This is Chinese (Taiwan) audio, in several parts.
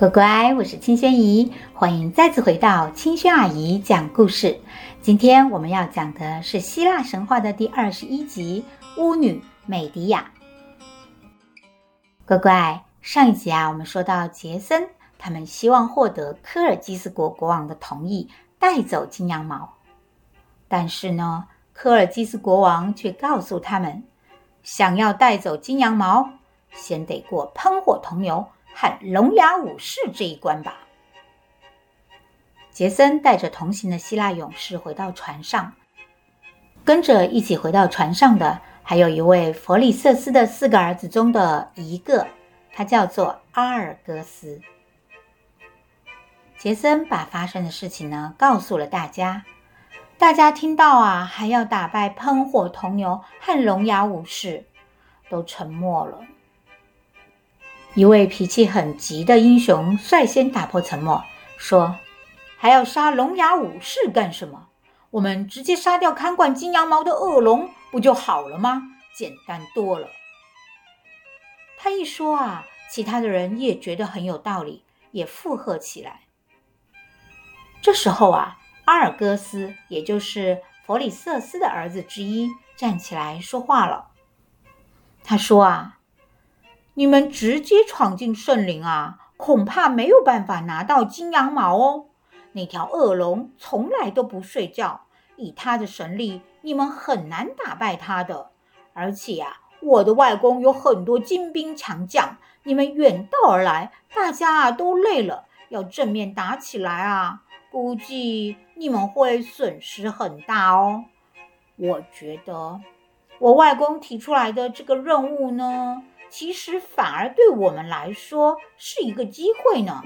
乖乖，我是青萱姨，歡迎再次回到青萱阿姨講故事。今天我們要講的是希臘神話的第二十一集《巫女美狄亞》。乖乖，上一集啊，我們說到杰森他們希望獲得科爾基斯國國王的同意帶走金羊毛，但是呢，科爾基斯國王卻告訴他們，想要帶走金羊毛，先得過噴火銅牛。看龍牙武士這一關吧。傑森帶着同行的希臘勇士回到船上，跟着一起回到船上的還有一位佛里瑟斯的四個兒子中的一個，他叫做阿爾戈斯。傑森把發生的事情呢告訴了大家，大家聽到啊，還要打敗噴火銅牛和龍牙武士，都沉默了。一位脾氣很急的英雄率先打破沉默，說：“還要殺龍牙武士幹什麼？我們直接殺掉看管金羊毛的惡龍不就好了嗎？簡單多了。”他一說啊，其他的人也覺得很有道理，也附和起來。這時候啊，阿爾戈斯，也就是弗里瑟斯的兒子之一，站起來說話了。他說啊。你們直接闖進聖林啊，恐怕沒有辦法拿到金羊毛哦。那條惡龍從來都不睡覺，以他的神力，你們很難打敗他的。而且啊，我的外公有很多精兵強將，你們遠道而來，大家啊都累了，要正面打起來啊，估計你們會損失很大哦。我覺得，我外公提出來的這個任務呢。其實反而對我們來說是一個機會呢。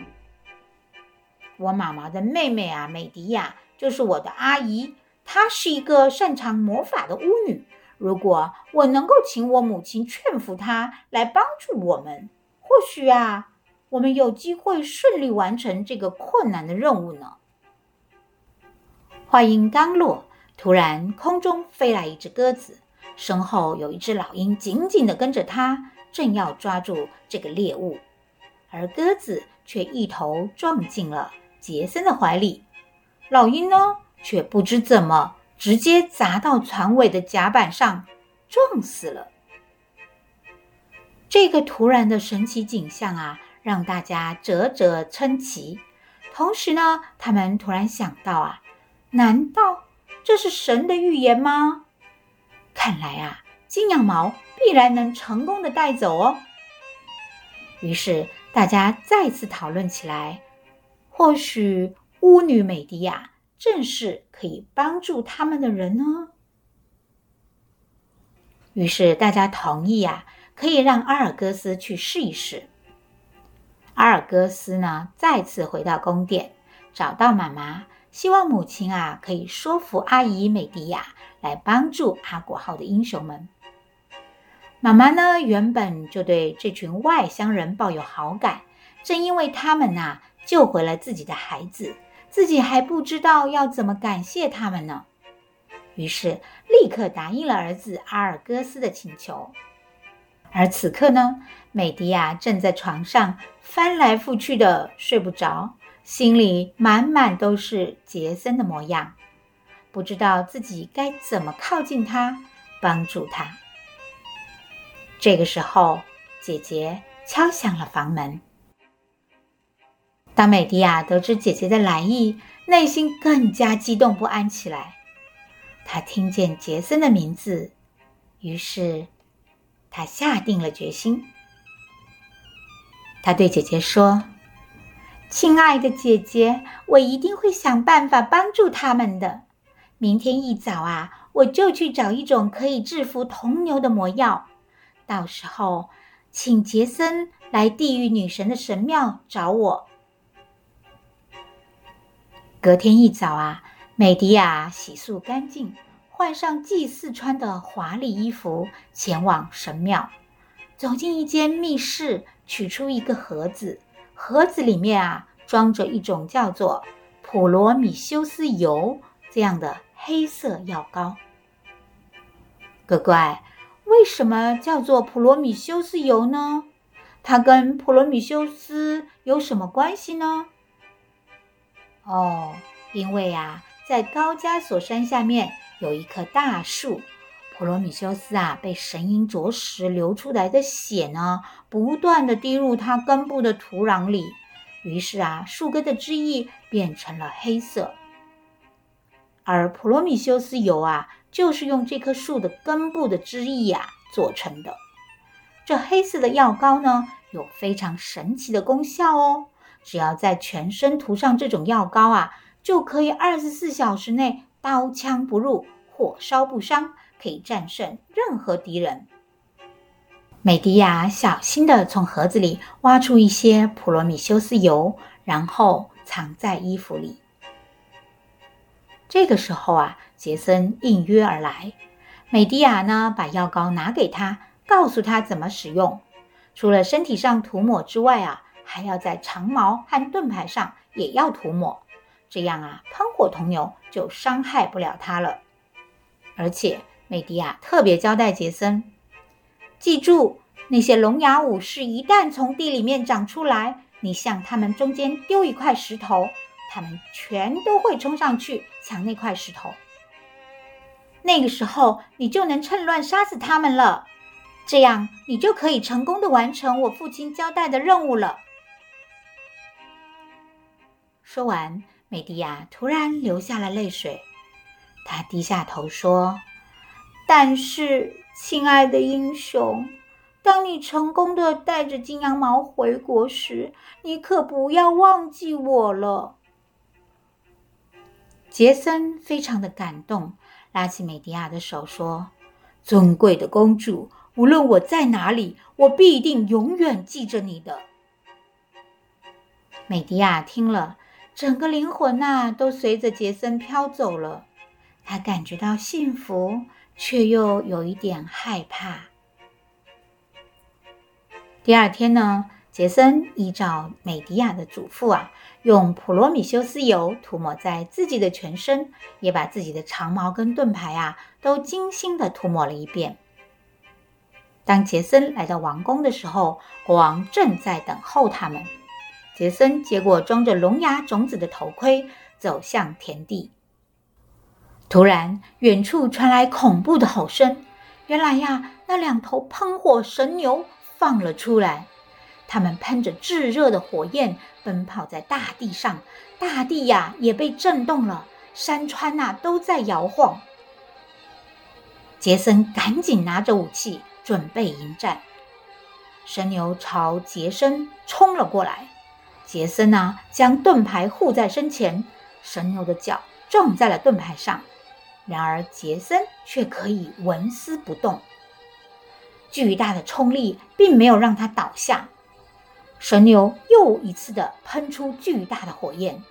我媽媽的妹妹啊，美狄亞，啊，就是我的阿姨。她是一個擅長魔法的巫女。如果我能夠請我母親勸服她來幫助我們，或許啊，我們有機會順利完成這個困難的任務呢。話音剛落，突然空中飛來一隻鴿子，身後有一隻老鷹緊緊地跟着她。正要抓住這個獵物，而鴿子卻一頭撞進了傑森的懷裡，老鷹呢卻不知怎麼直接砸到船尾的甲板上，撞死了。這個突然的神奇景象啊，讓大家嘖嘖稱奇。同時呢，他們突然想到啊，難道這是神的預言嗎？看來啊。金羊毛必然能成功的帶走哦。於是大家再次討論起來，或許巫女美迪亞正是可以幫助他們的人呢、哦。於是大家同意呀、啊，可以讓阿爾戈斯去試一試。阿爾戈斯呢，再次回到宮殿，找到媽媽，希望母親啊，可以說服阿姨美迪亞來幫助阿果號的英雄們。媽媽呢，原本就對這群外鄉人抱有好感，正因為他們呢、啊、救回了自己的孩子，自己還不知道要怎麼感謝他們呢。於是立刻答應了兒子阿爾戈斯的請求。而此刻呢，美狄亞正在床上翻來覆去的睡不着，心裡滿滿都是傑森的模樣，不知道自己該怎麼靠近他，幫助他。這個時候，姐姐敲響了房門。當美迪亞得知姐姐的來意，內心更加激動不安起來。她聽見傑森的名字，於是她下定了決心。她對姐姐說：“親愛的姐姐，我一定會想辦法幫助他們的。明天一早啊，我就去找一種可以制服銅牛的魔藥。”到時候，請傑森來地獄女神的神廟找我。隔天一早啊，美迪亞洗漱乾淨，換上祭祀穿的華麗衣服，前往神廟。走進一間密室，取出一個盒子，盒子裡面啊，裝着一種叫做“普羅米修斯油”這樣的黑色藥膏。乖乖。為什麼叫做普羅米修斯油呢？它跟普羅米修斯有什麼關係呢？哦，因為呀、啊，在高加索山下面有一棵大樹，普羅米修斯啊被神鷹啄食流出來的血呢，不斷地滴入它根部的土壤裡，於是啊，樹根的汁液變成了黑色，而普羅米修斯油啊。就是用這棵樹的根部的汁液呀做成的。這黑色的藥膏呢，有非常神奇的功效哦。只要在全身塗上這種藥膏啊，就可以二十四小時內刀槍不入、火燒不傷，可以戰勝任何敵人。美迪亞小心地從盒子裡挖出一些普羅米修斯油，然後藏在衣服裡。這個時候啊，傑森應約而來，美迪亞呢，把藥膏拿給他，告訴他怎麼使用。除了身體上塗抹之外啊，還要在長矛和盾牌上也要塗抹，這樣啊，噴火銅牛就傷害不了他了。而且美迪亞特別交代傑森，記住那些龍牙武士一旦從地裡面長出來，你向他們中間丟一塊石頭，他們全都會衝上去。搶那塊石頭，那個時候你就能趁亂殺死他們了，這樣你就可以成功的完成我父親交代的任務了。說完，美迪亞突然流下了淚水，她低下頭說：“但是，親愛的英雄，當你成功的帶着金羊毛回國時，你可不要忘記我了。”傑森非常的感動，拉起美狄亞的手說：“尊貴的公主，無論我在哪裡，我必定永遠記着你的。”美狄亞聽了，整個靈魂吶、啊、都隨着傑森飄走了，她感覺到幸福，卻又有一點害怕。第二天呢，傑森依照美迪亞的囑咐啊，用普羅米修斯油塗抹在自己的全身，也把自己的長矛跟盾牌啊都精心的塗抹了一遍。當傑森來到王宮的時候，國王正在等候他們。傑森接過裝着龍牙種子的頭盔，走向田地。突然，遠處傳來恐怖的吼聲。原來呀啊，那兩頭噴火神牛放了出來。他們噴着炙熱的火焰奔跑在大地上，大地呀也被震動了，山川吶都在搖晃。傑森趕緊拿着武器準備迎戰，神牛朝傑森衝了過來，傑森吶將盾牌護在身前，神牛的腳撞在了盾牌上，然而傑森卻可以紋絲不動，巨大的衝力並沒有讓他倒下。神牛又一次地噴出巨大的火焰，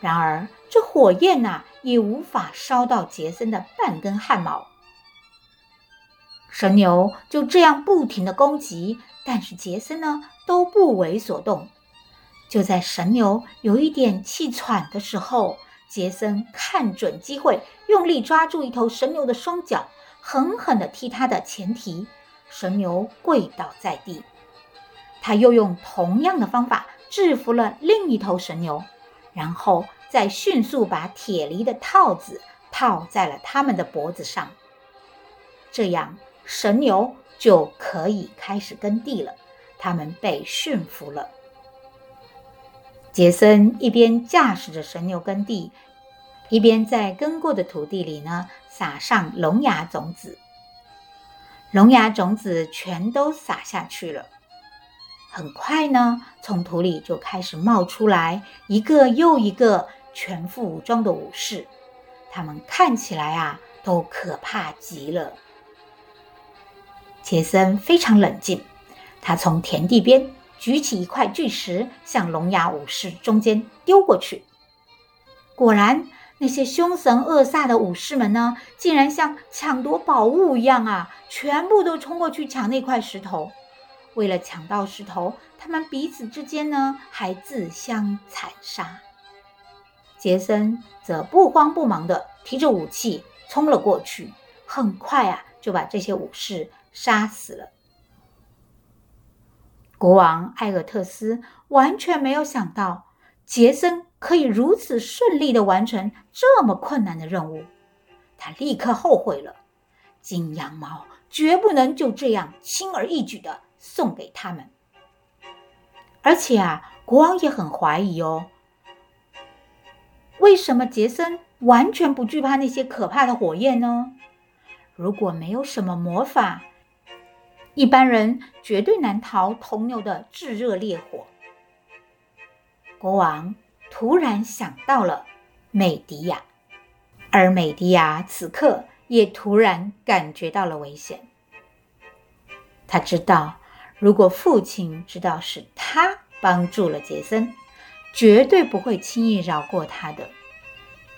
然而這火焰吶，也無法燒到傑森的半根汗毛。神牛就這樣不停地攻擊，但是傑森呢，都不為所動。就在神牛有一點氣喘的時候，傑森看準機會，用力抓住一頭神牛的雙腳，狠狠地踢它的前蹄，神牛跪倒在地。他又用同樣的方法制服了另一頭神牛，然後再迅速把鐵犁的套子套在了他們的脖子上。這樣，神牛就可以開始耕地了。他們被馴服了。傑森一邊駕駛着神牛耕地，一邊在耕過的土地裡呢，撒上龍牙種子。龍牙種子全都撒下去了。很快呢，從土裡就開始冒出來一個又一個全副武裝的武士，他們看起來啊都可怕極了。傑森非常冷靜，他從田地邊舉起一塊巨石，向龍牙武士中間丟過去。果然，那些凶神惡煞的武士們呢，竟然像搶奪寶物一樣啊，全部都衝過去搶那塊石頭。為了搶到石頭，他們彼此之間呢還自相殘殺。傑森則不慌不忙的提着武器衝了過去，很快啊就把這些武士殺死了。國王艾爾特斯完全沒有想到傑森可以如此順利的完成這麼困難的任務，他立刻後悔了，金羊毛絕不能就這樣輕而易舉的。送給他們，而且啊，國王也很懷疑哦，為什麼傑森完全不懼怕那些可怕的火焰呢？如果沒有什麼魔法，一般人絕對難逃銅牛的炙熱烈火。國王突然想到了美狄亞，而美狄亞此刻也突然感覺到了危險，他知道。如果父親知道是他幫助了傑森，絕對不會輕易饒過他的。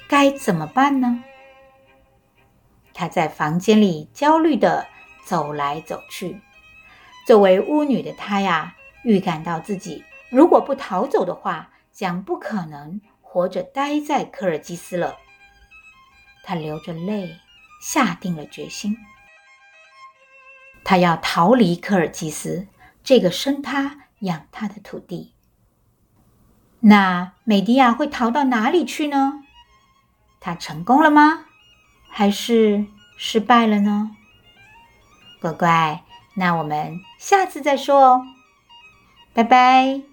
該怎麼辦呢？他在房間裡焦慮地走來走去。作為巫女的他呀，預感到自己如果不逃走的話，將不可能活着待在科爾基斯了。他流着淚，下定了決心。他要逃離科爾基斯這個生他養他的土地，那美狄亞會逃到哪裡去呢？他成功了嗎？還是失敗了呢？乖乖，那我們下次再說哦，拜拜。